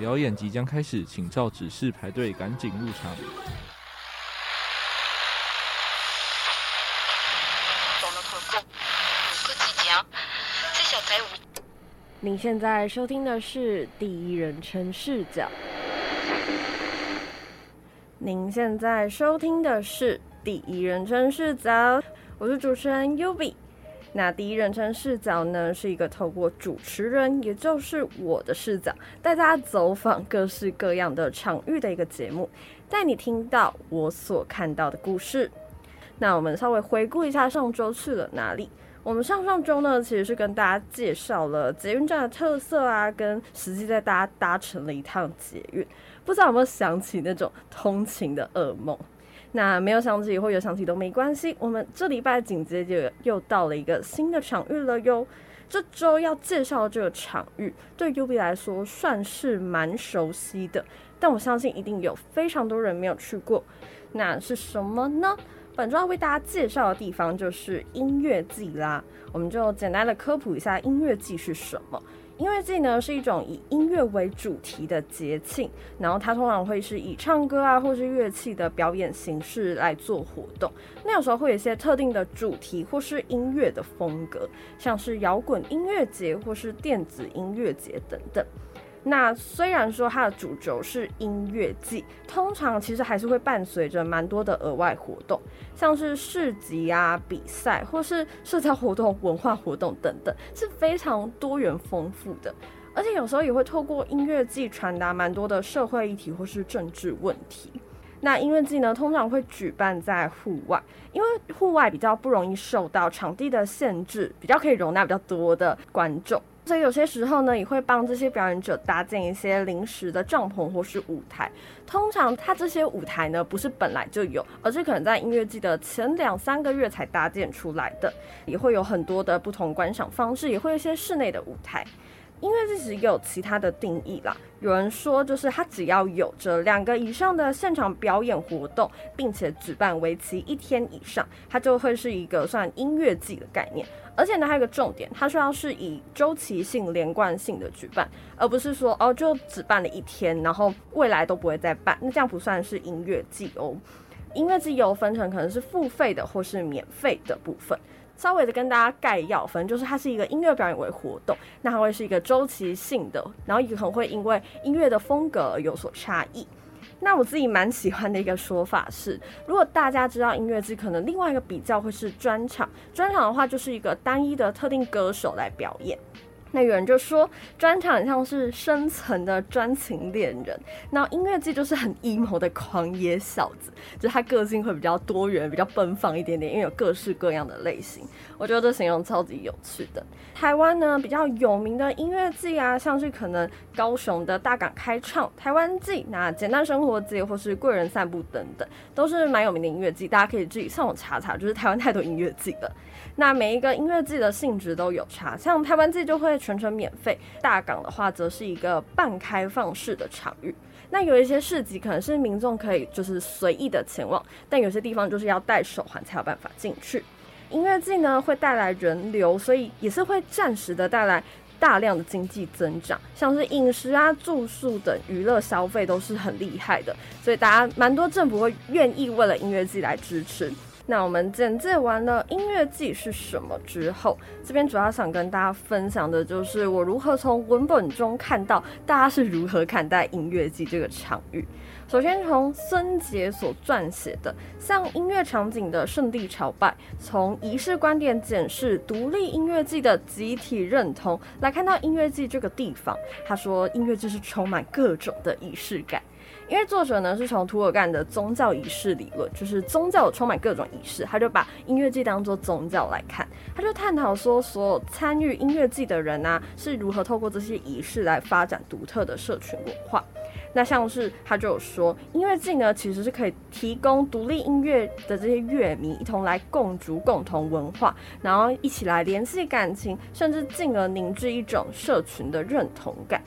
表演即將開始，請照指示排隊，趕緊入場。你現在收聽的是第一人稱視角。您現在收聽的是第一人稱視角，我是主持人優比。那第一人稱視角呢，是一個透過主持人，也就是我的視角，帶大家走訪各式各樣的場域的一個節目。帶你聽到我所看到的故事，那我們稍微回顧一下上週去了哪裡。我們上上週呢，其實是跟大家介紹了捷運站的特色啊，跟實際在大家搭乘了一趟捷運，不知道有沒有想起那種通勤的噩夢。那沒有想起或有想起都沒關係，我們這禮拜緊接着又到了一個新的場域了喲。這週要介紹的這個場域對 UB 來說算是蠻熟悉的，但我相信一定有非常多人沒有去過。那是什麼呢？本週要為大家介紹的地方就是音樂祭啦。我們就簡單的科普一下音樂祭是什麼。音樂祭呢是一種以音樂為主題的節慶，然後它通常會是以唱歌啊，或是樂器的表演形式來做活動。那有時候會有一些特定的主題或是音樂的風格，像是搖滾音樂節或是電子音樂節等等。那雖然說它的主軸是音樂祭，通常其實還是會伴隨着蠻多的額外活動，像是市集啊、比賽或是社交活動、文化活動等等，是非常多元豐富的。而且有時候也會透過音樂祭傳達蠻多的社會議題或是政治問題。那音樂祭呢，通常會舉辦在戶外，因為戶外比較不容易受到場地的限制，比較可以容納比較多的觀眾。所以有些時候呢，也會幫這些表演者搭建一些臨時的帳篷或是舞台。通常，它這些舞台呢，不是本來就有，而是可能在音樂祭的前兩三個月才搭建出來的。也會有很多的不同觀賞方式，也會有一些室內的舞台。音樂祭其實也有其他的定義啦。有人說，就是它只要有着兩個以上的現場表演活動，並且舉辦為期一天以上，它就會是一個算音樂祭的概念。而且呢，還有一個重點，它需要是以週期性、連貫性的舉辦，而不是說哦就只辦了一天，然後未來都不會再辦，那這樣不算是音樂祭哦。音樂祭有分成，可能是付費的或是免費的部分。稍微的跟大家概要，反正就是它是一個音樂表演為活動，那它會是一個周期性的，然後也可能會因為音樂的風格有所差異。那我自己蠻喜歡的一個說法是，如果大家知道音樂祭，可能另外一個比較會是專場。專場的話，就是一個單一的特定歌手來表演。那有人就說，專場像是深層的專情戀人，那音樂祭就是很陰謀的狂野小子，就是、他個性會比較多元，比較奔放一點點，因為有各式各樣的類型。我覺得這形容超級有趣的。台灣呢，比較有名的音樂祭啊，像是可能高雄的大港開唱、台灣祭，那簡單生活節或是貴人散步等等，都是蠻有名的音樂祭，大家可以自己上網查查，就是台灣太多音樂祭了。那每一個音樂祭的性質都有差，像台灣祭就會。全程免費。大港的話，則是一個半開放式的場域。那有一些市集可能是民眾可以就是隨意的前往，但有些地方就是要戴手環才有辦法進去。音樂祭呢，會帶來人流，所以也是會暫時的帶來大量的經濟增長，像是飲食啊、住宿等娛樂消費都是很厲害的，所以大家蠻多政府會願意為了音樂祭來支持。那我們簡介完了音樂祭是什麼之後，這邊主要想跟大家分享的就是我如何從文本中看到大家是如何看待音樂祭這個場域。首先從孫杰所撰寫的《向音樂場景的聖地朝拜》，從儀式觀點檢視獨立音樂祭的集體認同來看到音樂祭這個地方，他說音樂祭是充滿各種的儀式感。因為作者呢是從涂爾幹的宗教儀式理論，就是宗教充滿各種儀式，他就把音樂祭當作宗教來看，他就探討說所有參與音樂祭的人呢、啊、是如何透過這些儀式來發展獨特的社群文化。那像是他就有說，音樂祭呢其實是可以提供獨立音樂的這些樂迷一同來共築共同文化，然後一起來聯繫感情，甚至進而凝聚一種社群的認同感。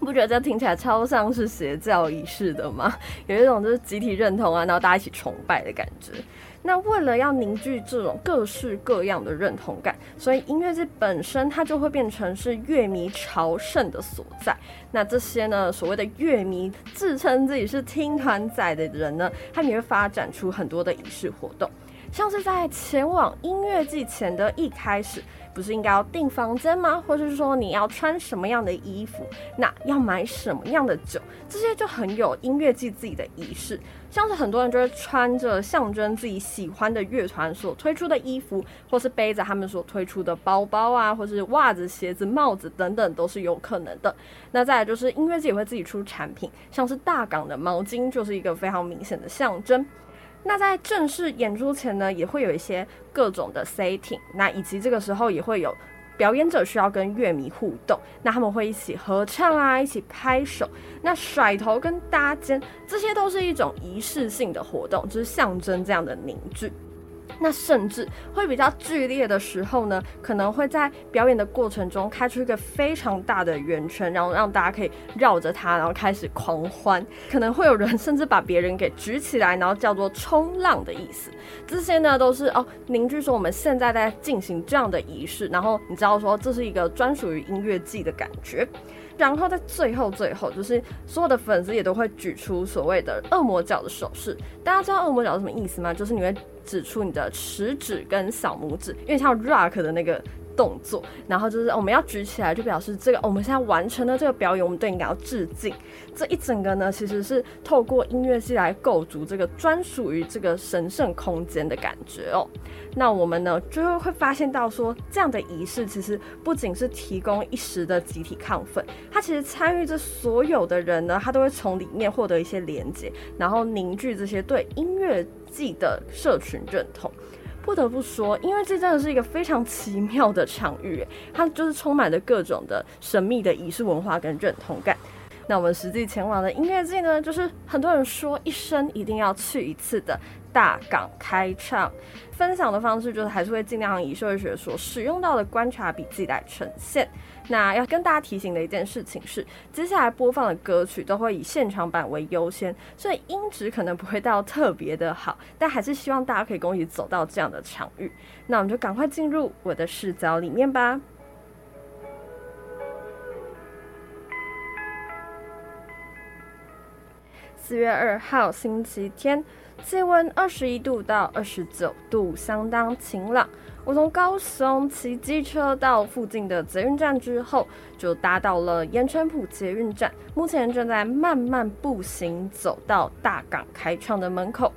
不覺得這聽起來超像是邪教儀式的嗎？有一種就是集體認同啊，然後大家一起崇拜的感覺。那為了要凝聚這種各式各樣的認同感，所以音樂祭本身它就會變成是樂迷朝聖的所在。那這些呢，所謂的樂迷自稱自己是聽團仔的人呢，他們也會發展出很多的儀式活動。像是在前往音樂祭前的一開始，不是應該要訂房間嗎？或是說你要穿什麼樣的衣服，那要買什麼樣的酒，這些就很有音樂祭自己的儀式。像是很多人就會穿着象徵自己喜歡的樂團所推出的衣服，或是背着他們所推出的包包啊，或是襪子、鞋子、帽子等等都是有可能的。那再來就是音樂祭也會自己出產品，像是大港的毛巾就是一個非常明顯的象徵。那在正式演出前呢，也會有一些各種的 setting。那以及這個時候也會有表演者需要跟樂迷互動，那他們會一起合唱啊，一起拍手，那甩頭跟搭肩，這些都是一種儀式性的活動，就是象徵這樣的凝聚。那甚至會比較劇烈的時候呢，可能會在表演的過程中開出一個非常大的圓圈，然後讓大家可以繞着它，然後開始狂歡。可能會有人甚至把別人給舉起來，然後叫做衝浪的意思。這些呢都是哦，凝聚說我們現在在進行這樣的儀式，然後你知道說這是一個專屬於音樂祭的感覺。然後在最後最後，就是所有的粉絲也都會舉出所謂的惡魔角的手勢。大家知道惡魔角是什麼意思嗎？就是你會指出你的食指跟小拇指，因為像 Rock 的那個。動作，然後就是我們要舉起來，就表示這個我們現在完成了這個表演，我們對你要致敬。這一整個呢，其實是透過音樂祭來構築這個專屬於這個神聖空間的感覺哦、喔。那我們呢就會會發現到說，這樣的儀式其實不僅是提供一時的集體亢奮，它其實參與這所有的人呢，他都會從裡面獲得一些連接，然後凝聚這些對音樂祭的社群認同。不得不說，因為這真的是一個非常奇妙的場域，它就是充滿了各種的神秘的儀式文化跟認同感。那我們實際前往的音樂祭呢，就是很多人說一生一定要去一次的大港開唱。分享的方式就是還是會盡量以社會學所使用到的觀察筆記來呈現。那要跟大家提醒的一件事情是，接下來播放的歌曲都會以現場版為優先，所以音質可能不會到特別的好，但還是希望大家可以共同走到這樣的場域。那我們就趕快進入我的視角裡面吧。四月二號星期天，氣溫二十一度到二十九度，相當晴朗。我從高雄騎機車到附近的捷運站之後，就搭到了鹽埕埔捷運站，目前正在慢慢步行走到大港開唱的門口。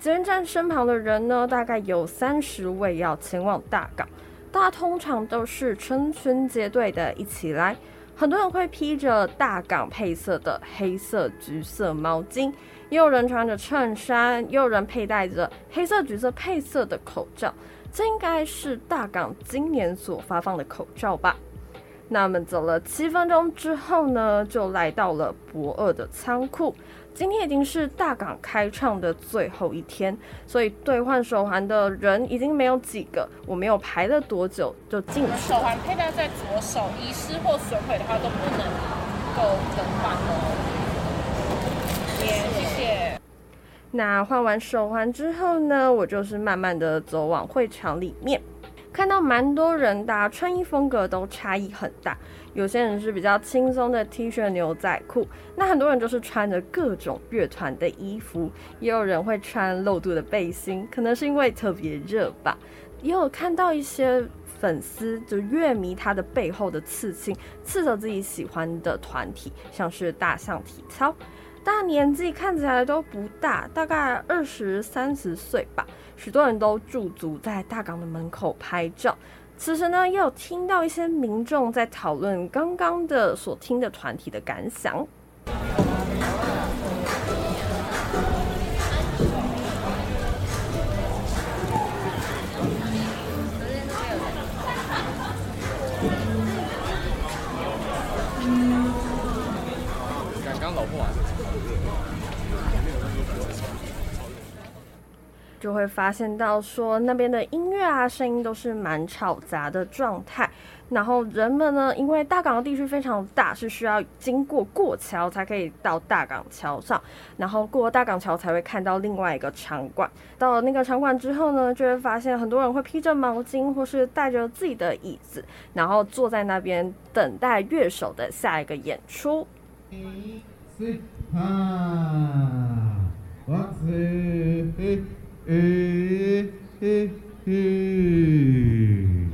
捷運站身旁的人呢，大概有三十位要前往大港，大家通常都是成群結隊的一起來。很多人會披着大港配色的黑色橘色毛巾，也有人穿着襯衫，也有人佩戴着黑色橘色配色的口罩。這應該是大港今年所發放的口罩吧？那我們走了七分鐘之後呢，就來到了駁二的倉庫。今天已經是大港開唱的最後一天，所以兌換手環的人已經沒有幾個。我沒有排了多久就進去了。手環佩戴在左手，遺失或損毀的話都不能夠更換哦。耶、嗯，謝謝。那換完手環之後呢，我就是慢慢的走往會場裡面。看到蠻多人的，啊，大家穿衣風格都差異很大。有些人是比較輕鬆的 T 恤、牛仔褲，那很多人就是穿着各種樂團的衣服，也有人會穿露肚的背心，可能是因為特別熱吧。也有看到一些粉絲，就樂迷他的背後的刺青，刺着自己喜歡的團體，像是大象體操。大年紀看起來都不大，大概二十三十歲吧。許多人都駐足在大港的門口拍照。此時呢，又有聽到一些民眾在討論剛剛的所聽的團體的感想。 就會發現到說那邊的音樂啊，聲音都是蠻吵雜的狀態。然後人們呢，因為大港的地區非常大，是需要經過過橋才可以到大港橋上，然後過大港橋才會看到另外一個場館。到了那個場館之後呢，就會發現很多人會披着毛巾，或是帶着自己的椅子，然後坐在那邊等待樂手的下一個演出。嗯嗯嗯，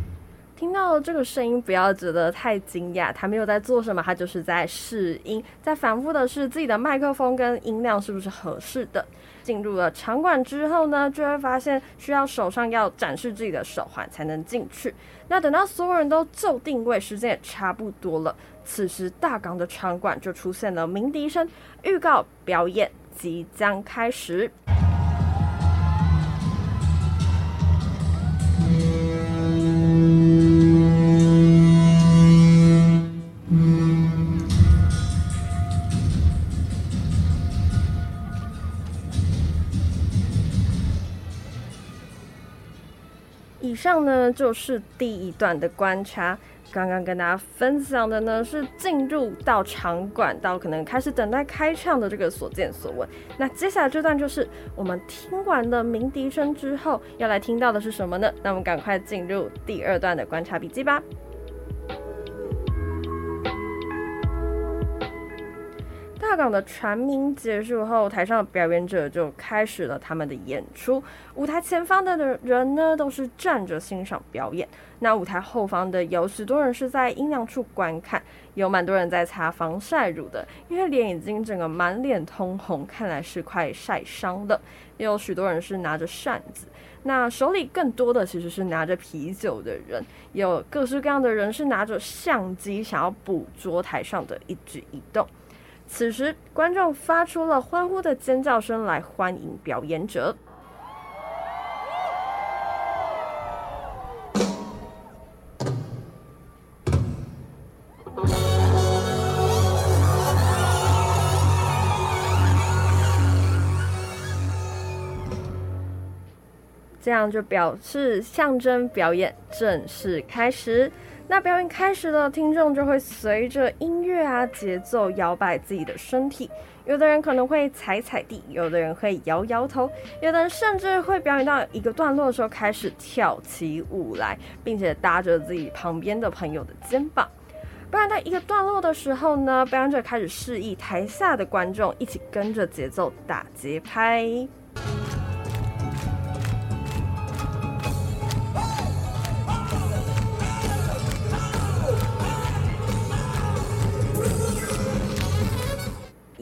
聽到了這個聲音不要覺得太驚訝，他沒有在做什麼，他就是在試音，在反覆的試自己的麥克風跟音量是不是合適的。進入了場館之後呢，就會發現需要手上要展示自己的手環才能進去。那等到所有人都就定位，時間也差不多了，此時大港的場館就出現了鳴笛聲，預告表演即將開始。以上呢就是第一段的觀察，剛剛跟大家分享的呢是進入到場館到可能開始等待開唱的這個所見所聞。那接下來這段就是我們聽完了鳴笛聲之後要來聽到的是什麼呢？那我們趕快進入第二段的觀察筆記吧。下崗的船民結束後，台上的表演者就開始了他們的演出。舞台前方的人呢，都是站着欣賞表演；那舞台後方的有許多人是在陰涼處觀看，有蠻多人在擦防曬乳的，因為臉已經整個滿臉通紅，看來是快曬傷了。也有許多人是拿着扇子，那手裡更多的其實是拿着啤酒的人，有各式各樣的人是拿着相機想要捕捉台上的一舉一動。此時，觀眾發出了歡呼的尖叫聲，來歡迎表演者。這樣就表示象徵表演正式開始。那表演開始了，聽眾就會隨着音樂啊節奏搖擺自己的身體，有的人可能會踩踩地，有的人會搖搖頭，有的人甚至會表演到一個段落的時候開始跳起舞來，並且搭着自己旁邊的朋友的肩膀。表演到一個段落的時候呢，表演者開始示意台下的觀眾一起跟着節奏打節拍。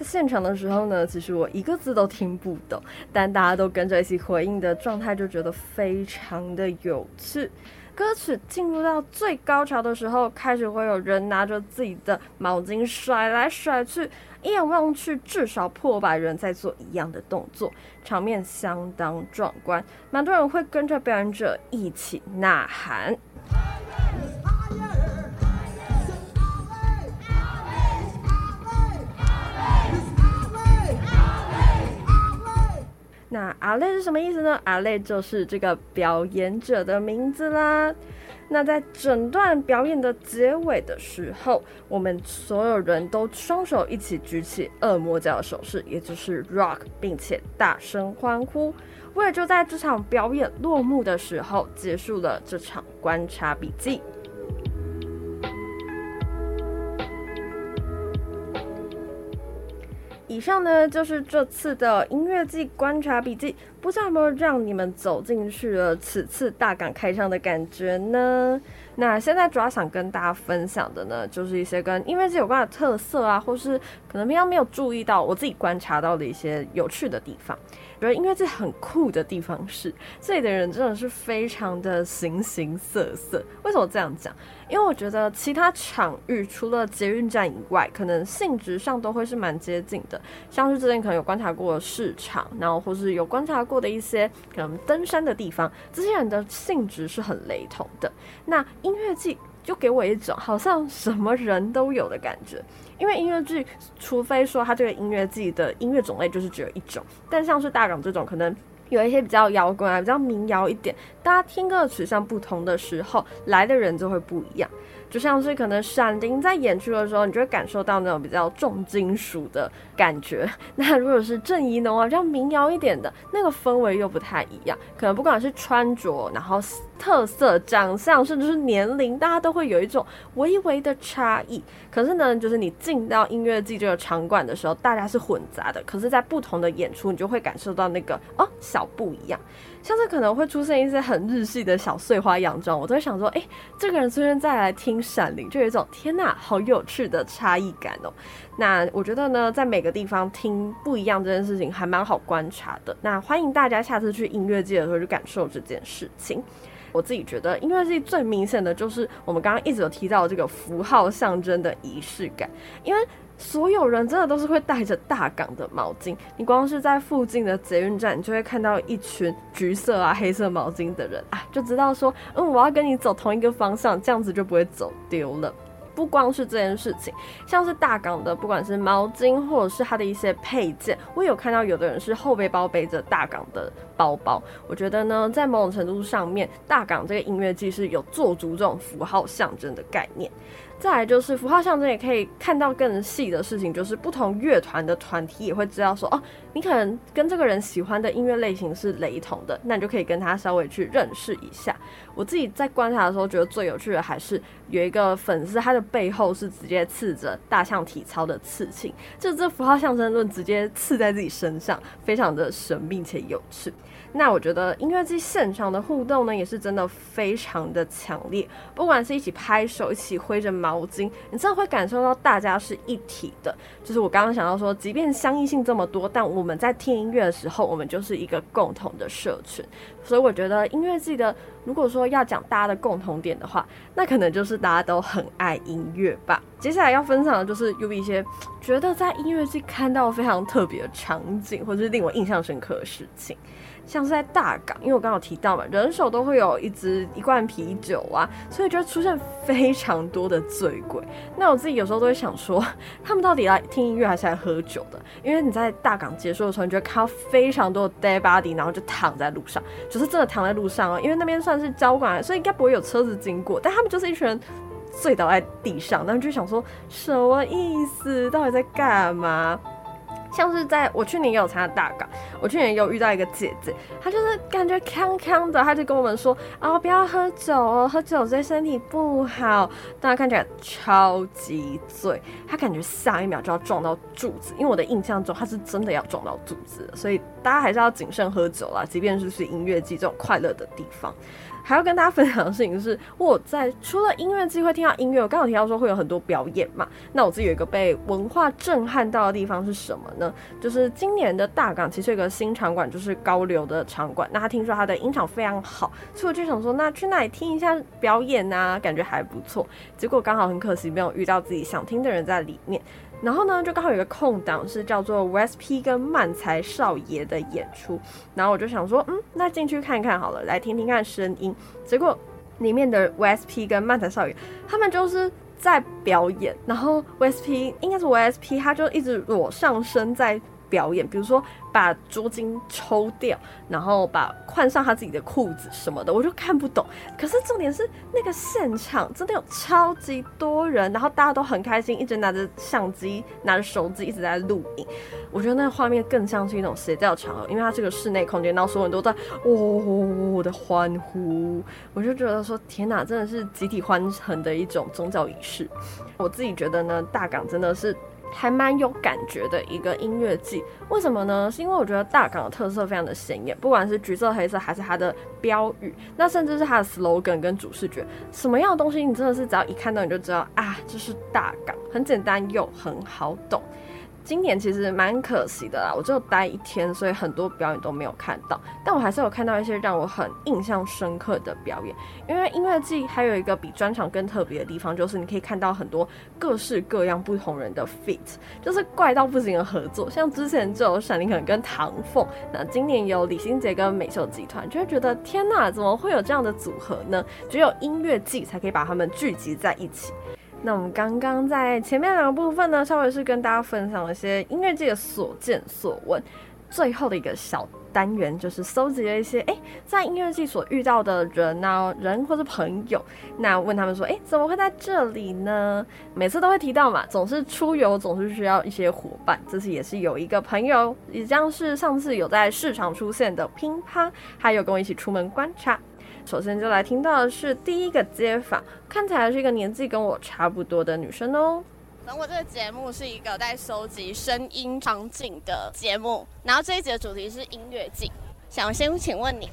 在現場的時候呢，其實我一個字都聽不懂，但大家都跟着一起回應的狀態，就覺得非常的有趣。歌曲進入到最高潮的時候，開始會有人拿着自己的毛巾甩來甩去，一眼望去，至少破百人在做一樣的動作，場面相當壯觀。蠻多人會跟着表演者一起吶喊。那阿累是什麼意思呢？阿累就是這個表演者的名字啦。那在整段表演的結尾的時候，我們所有人都雙手一起舉起惡魔角的手勢，也就是 rock，並且大聲歡呼。我也就在這場表演落幕的時候，結束了這場觀察筆記。以上呢，就是這次的音樂祭觀察筆記，不知道有沒有讓你們走進去了此次大港開唱的感覺呢？那現在主要想跟大家分享的呢，就是一些跟音樂祭有關的特色啊，或是可能平常沒有注意到我自己觀察到的一些有趣的地方。比如音樂祭很酷的地方是，這裡的人真的是非常的形形色色。為什麼這樣講？因為我覺得其他場域除了捷運站以外，可能性質上都會是蠻接近的。像是之前可能有觀察過的市場，然後或是有觀察過的一些可能登山的地方，這些人的性質是很雷同的。那音樂祭，就給我一種好像什麼人都有的感覺，因為音樂祭，除非說他這個音樂自己的音樂種類就是只有一種，但像是大港這種，可能有一些比較搖滾啊，比較民謠一點，大家聽歌的取向不同的時候，來的人就會不一樣。就像是可能閃靈在演出的時候，你就會感受到那種比較重金屬的感覺。那如果是鄭宜農啊，比較民謠一點的，那個氛圍又不太一樣。可能不管是穿着，然後特色、長相，甚至是年齡，大家都會有一種微微的差異。可是呢，就是你進到音樂祭這個場館的時候，大家是混雜的。可是，在不同的演出，你就會感受到那個哦，小不一樣。像是可能會出現一些很日系的小碎花洋裝，我都會想說，誒、欸，這個人雖然再來聽《閃靈》，就有一種天吶、啊，好有趣的差異感哦、喔。那我覺得呢，在每個地方聽不一樣這件事情還蠻好觀察的。那歡迎大家下次去音樂祭的時候去感受這件事情。我自己覺得音樂祭最明顯的就是我們剛剛一直有提到這個符號象徵的儀式感，因為，所有人真的都是會帶着大港的毛巾，你光是在附近的捷運站，你就會看到一群橘色啊、黑色毛巾的人啊，就知道說，嗯，我要跟你走同一個方向，這樣子就不會走丟了。不光是這件事情，像是大港的，不管是毛巾或者是它的一些配件，我有看到有的人是後背包背着大港的包包。我覺得呢，在某種程度上面，大港這個音樂祭是有做足這種符號象徵的概念。再來就是符號象徵，也可以看到更細的事情，就是不同樂團的團體也會知道說哦。啊你可能跟這個人喜歡的音樂類型是雷同的，那你就可以跟他稍微去認識一下。我自己在觀察的時候，覺得最有趣的還是有一個粉絲，他的背後是直接刺着大象體操的刺青，就這符號象徵論直接刺在自己身上，非常的神秘且有趣。那我覺得音樂祭現場的互動呢，也是真的非常的強烈，不管是一起拍手，一起揮着毛巾，你真的會感受到大家是一體的。就是我剛剛想到說，即便相異性這麼多，但我我們在聽音樂的時候，我們就是一個共同的社群，所以我覺得音樂祭的，如果說要講大家的共同點的話，那可能就是大家都很愛音樂吧。接下來要分享的就是有一些覺得在音樂祭看到非常特別的場景，或是令我印象深刻的事情。像是在大港，因為我剛好提到嘛，人手都會有一支一罐啤酒啊，所以就會出現非常多的醉鬼。那我自己有時候都會想說，他們到底來聽音樂還是來喝酒的？因為你在大港結束的時候，你就會看到非常多的 dead body，然後就躺在路上，就是真的躺在路上哦。因為那邊算是交管，所以應該不會有車子經過，但他們就是一群人醉倒在地上，然後就想說，什麼意思？到底在幹嘛？像是在我去年也有參加大港，我去年也有遇到一個姐姐，她就是感覺康康的，她就跟我們說啊，不要喝酒哦，喝酒對身體不好。大家看起來超級醉，她感覺下一秒就要撞到柱子，因為我的印象中她是真的要撞到柱子的，所以大家還是要謹慎喝酒啦，即便是去音樂祭這種快樂的地方。還要跟大家分享的事情就是，我在除了音樂祭會聽到音樂，我剛好聽到說會有很多表演嘛。那我自己有一個被文化震撼到的地方是什麼呢？就是今年的大港其實有個新場館，就是高流的場館。那他聽說他的音場非常好，所以我就想說，那去那裡聽一下表演啊，感覺還不錯。結果剛好很可惜，沒有遇到自己想聽的人在裡面。然後呢，就剛好有個空檔是叫做 VSP 跟漫才少爺的演出，然後我就想說，嗯，那進去看看好了，來聽聽看聲音。結果裡面的 VSP 跟漫才少爺他們就是在表演，然後 VSP 應該是 VSP，他就一直裸上身在表演，比如說。把桌巾抽掉，然後把換上他自己的褲子什麼的，我就看不懂。可是重點是那個現場真的有超級多人，然後大家都很開心，一直拿着相機、拿着手機一直在錄影。我覺得那個畫面更像是一種邪教場合，因為他這個室內空間，然後所有人都在哇、哦、的歡呼，我就覺得說天吶，真的是集體歡騰的一種宗教儀式。我自己覺得呢，大港真的是，還蠻有感覺的一個音樂祭，為什麼呢？是因為我覺得大港的特色非常的顯眼，不管是橘色、黑色，還是它的標語，那甚至是它的 slogan 跟主視覺，什麼樣的東西你真的是只要一看到你就知道啊，這是大港，很簡單又很好懂。今年其實蠻可惜的啦，我就待一天，所以很多表演都沒有看到。但我還是有看到一些讓我很印象深刻的表演。因為音樂祭還有一個比專場更特別的地方，就是你可以看到很多各式各樣不同人的 feat，就是怪到不行的合作。像之前就有閃靈客跟唐鳳，那今年有李心潔跟美秀集團，就會覺得天吶，怎麼會有這樣的組合呢？只有音樂祭才可以把他們聚集在一起。那我們剛剛在前面兩個部分呢，稍微是跟大家分享了一些音樂祭的所見所聞。最後的一個小單元就是搜集了一些，誒，在音樂祭所遇到的人呢、啊，人或者朋友，那問他們說，誒，怎麼會在這裡呢？每次都會提到嘛，總是出遊，總是需要一些伙伴。這次也是有一個朋友，也將是上次有在市場出現的乒乓，還有跟我一起出門觀察。首先就來聽到的是第一個街訪，看起來是一個年紀跟我差不多的女生哦。等我這個節目是一個在收集聲音場景的節目，然後這一集的主題是音樂祭，想先請問你。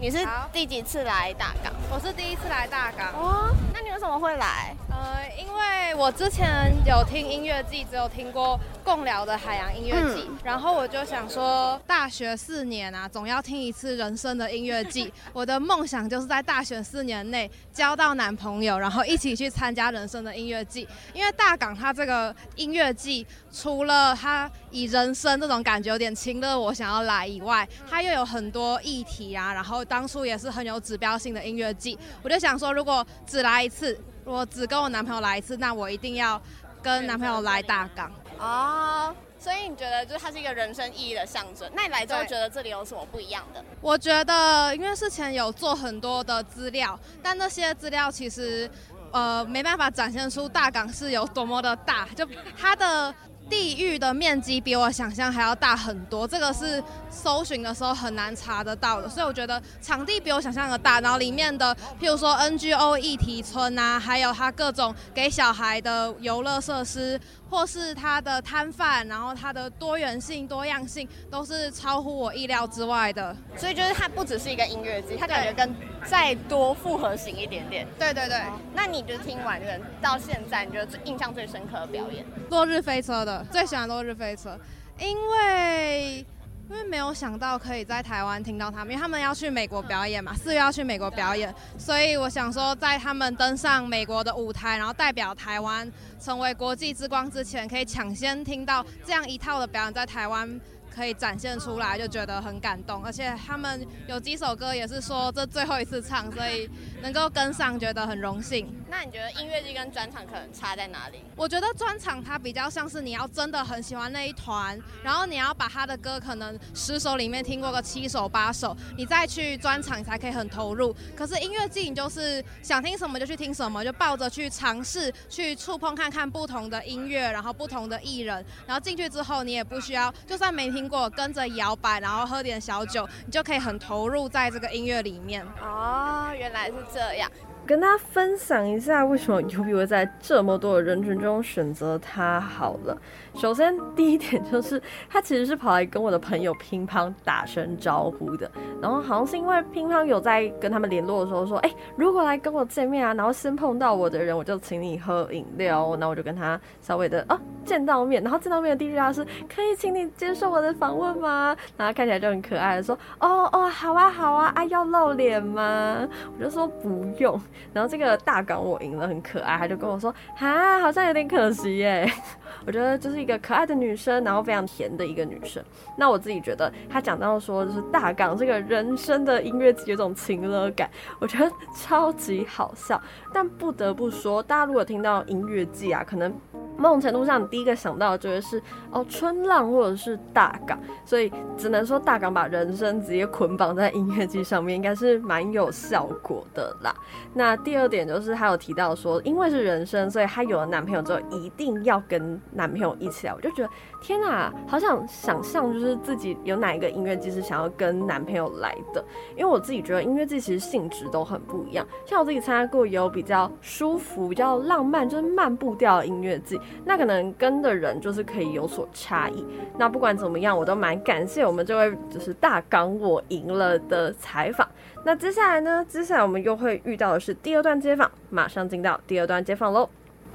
你是第幾次來大港？我是第一次來大港哦。那你為什麼會來？呃，因為我之前有聽音樂祭，只有聽過貢寮的海洋音樂祭，嗯，然後我就想說、嗯，大學四年啊，總要聽一次人生的音樂祭。 我的夢想就是在大學四年內交到男朋友，然後一起去參加人生的音樂祭。因為大港它這個音樂祭，除了它以人生這種感覺有點輕的，我想要來以外，它又有很多議題啊。然後當初也是很有指標性的音樂季，我就想說，如果只來一次，如果只跟我男朋友來一次，那我一定要跟男朋友來大港。哦、嗯，所以你覺得就是它是一個人生意義的象徵。那你來之後覺得這裡有什麼不一樣的？我覺得因為之前有做很多的資料，但那些資料其實呃沒辦法展現出大港是有多麼的大，就它的。地域的面積比我想象還要大很多，這個是搜尋的時候很難查得到的，所以我覺得場地比我想象的大。然後裡面的，譬如說 NGO 議題村吶、啊，還有它各種給小孩的遊樂設施。或是它的攤販，然後它的多元性、多樣性都是超乎我意料之外的，所以就是它不只是一個音樂祭，它感覺跟再多複合型一點點。對對對，那你就聽完，人到現在你覺得印象最深刻的表演？落日飛車的，最喜歡落日飛車，因為。因為沒有想到可以在台灣聽到他們，因為他們要去美國表演嘛，四月要去美國表演，所以我想說，在他們登上美國的舞台，然後代表台灣成為國際之光之前，可以搶先聽到這樣一套的表演在台灣。可以展現出來，就覺得很感動。而且他們有幾首歌也是說這最後一次唱，所以能夠跟上，覺得很榮幸。那你覺得音樂祭跟專場可能差在哪裡？我覺得專場它比較像是你要真的很喜歡那一團，然後你要把他的歌可能十首裡面聽過個七首八首，你再去專場才可以很投入。可是音樂祭你就是想聽什麼就去聽什麼，就抱着去嘗試去觸碰，看看不同的音樂，然後不同的藝人。然後進去之後你也不需要，就算沒聽。如果跟着搖擺，然後喝點小酒，你就可以很投入在這個音樂裡面。哦，原來是這樣。跟大家分享一下，為什麼 Yubi 會在這麼多的人群中選擇他好了。首先第一點就是，他其實是跑來跟我的朋友乒乓打聲招呼的。然後好像是因為乒乓有在跟他們聯絡的時候說，哎、欸，如果來跟我見面啊，然後先碰到我的人，我就請你喝飲料。那我就跟他稍微的啊、哦、見到面，然後見到面的第一句話是，可以請你接受我的訪問嗎？然後看起來就很可愛的說，說哦哦好啊好啊，啊要露臉嗎？我就說不用。然後這個大港我贏了，很可愛，他就跟我說，哈、啊，好像有點可惜耶、欸。 我覺得就是一個可愛的女生，然後非常甜的一個女生。那我自己覺得，他講到說，就是大港這個人生的音樂祭有種情勒感，我覺得超級好笑。但不得不說，大家如果聽到音樂祭啊，可能。某種程度上，你第一個想到的就是哦，春浪或者是大港，所以只能說大港把人生直接捆綁在音樂祭上面，應該是蠻有效果的啦。那第二點就是他有提到說，因為是人生，所以他有了男朋友之後一定要跟男朋友一起來。我就覺得天哪、啊，好想想象就是自己有哪一個音樂祭是想要跟男朋友來的，因為我自己覺得音樂祭其實性質都很不一樣。像我自己參加過也有比較舒服、比較浪漫，就是慢步調的音樂祭。那可能跟的人就是可以有所差異。那不管怎麼樣，我都蠻感謝我們這位就是大港我贏了的採訪。那接下來呢？接下來我們又會遇到的是第二段街訪，馬上進到第二段街訪嘍。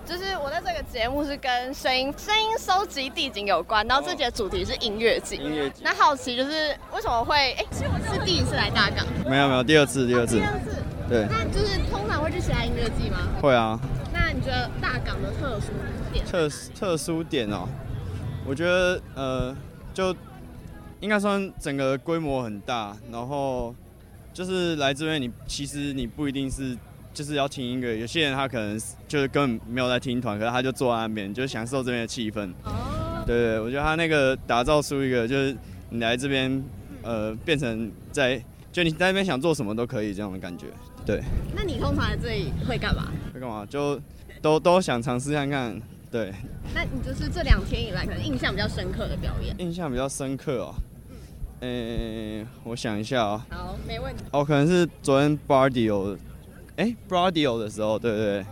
就是我在這個節目是跟聲音聲音收集地景有關，然後這節主題是音樂祭。音樂祭。那好奇就是為什麼會？哎、欸，其實我是第一次來大港。沒有沒有，第二次第二次、啊。第二次。對。那就是通常會去其他音樂祭嗎？會啊。那你覺得大港的特殊點？特特殊點哦、喔，我覺得呃，就應該算整個規模很大，然後就是來這邊，你其實你不一定是就是要聽音樂，有些人他可能就是根本沒有在聽團，可是他就坐在那邊，就享受這邊的氣氛。Oh. 對，對我覺得他那個打造出一個，就是你來這邊，呃、嗯，變成在就你在那邊想做什麼都可以這樣的感覺。對，那你通常來這裡會幹嘛？會幹嘛就？都都想嘗試看看，對。那你就是這兩天以來可能印象比較深刻的表演？印象比較深刻哦、喔。嗯、欸。我想一下啊、喔。好，沒問題。哦、喔，可能是昨天 Bardio，哎、欸，Bardio 的時候，對對對，哦、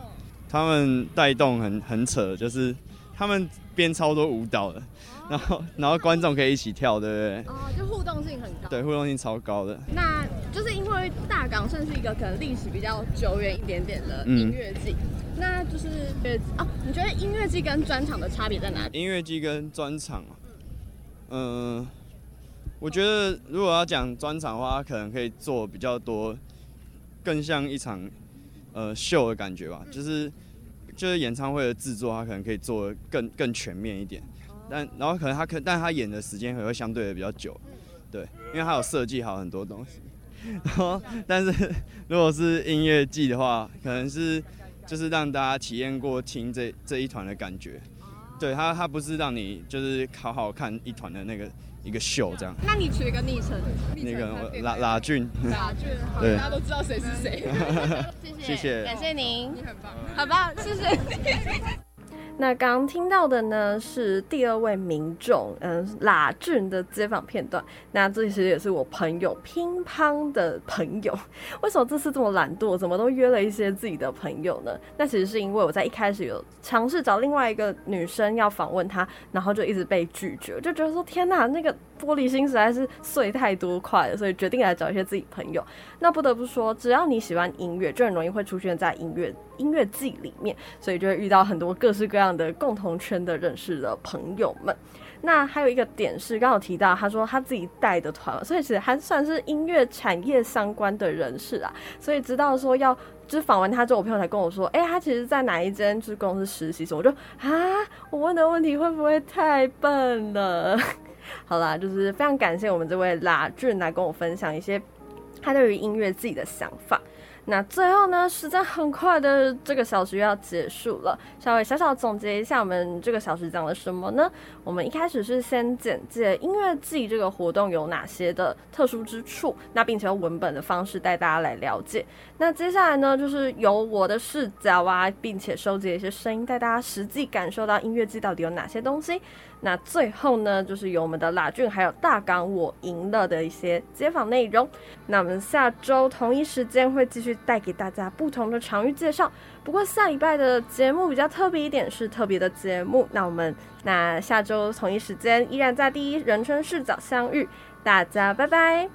他們帶動很很扯，就是他們編超多舞蹈的，哦、然後然後觀眾可以一起跳，對不對？哦，就互動性很高。對，互動性超高的。那。就是因為大港算是一個可能歷史比較久遠一點點的音樂祭、嗯，那就是哦、啊，你覺得音樂祭跟專場的差別在哪裡？音樂祭跟專場啊，嗯、呃，我覺得如果要講專場的話，他可能可以做比較多，更像一場呃秀的感覺吧。就是就是演唱會的製作，它可能可以做更更全面一點，但然後可能它可，但它演的時間可能會相對的比較久，對，因為它有設計好很多東西。然後，但是如果是音樂祭的話，可能是就是讓大家體驗過聽這這一團的感覺。啊、對，它他不是讓你就是好好看一團的那個一個秀這樣。那你取了個昵稱，那個我拉拉俊，拉俊，對，好，大家都知道誰是誰。 謝謝，謝謝，感謝您，你很棒，好棒，謝謝。 那剛剛聽到的呢，是第二位民眾，嗯，拉俊的街訪片段。那這其實也是我朋友乒乓的朋友。為什麼這次這麼懶惰？怎麼都約了一些自己的朋友呢？那其實是因為我在一開始有嘗試找另外一個女生要訪問她，然後就一直被拒絕，就覺得說天哪、啊，那個。玻璃心實在是碎太多塊了，所以決定來找一些自己朋友。那不得不說，只要你喜歡音樂，就很容易會出現在音樂音樂祭裡面，所以就會遇到很多各式各樣的共同圈的認識的朋友們。那還有一個點是，剛好提到他說他自己帶的團，所以其實還算是音樂產業相關的人士啊。所以直到說要就訪問他之後，我朋友才跟我說，哎、欸，他其實在哪一間就是公司實習？所以我就啊，我問的問題會不會太笨了？好啦，就是非常感謝我們這位拉俊來跟我分享一些他對於音樂祭的想法。那最後呢，時間很快的，這個小時又要結束了，稍微小小總結一下，我們這個小時講了什麼呢？我們一開始是先簡介音樂祭這個活動有哪些的特殊之處，那並且用文本的方式帶大家來了解。那接下來呢，就是由我的視角啊，並且收集一些聲音，帶大家實際感受到音樂祭到底有哪些東西。那最後呢，就是由我們的喇俊還有大港我贏了的一些街訪內容。那我們下周同一時間會繼續帶給大家不同的場域介紹。不過下禮拜的節目比較特別一點，是特別的節目。那我們那下周同一時間依然在第一人稱視角相遇，大家拜拜。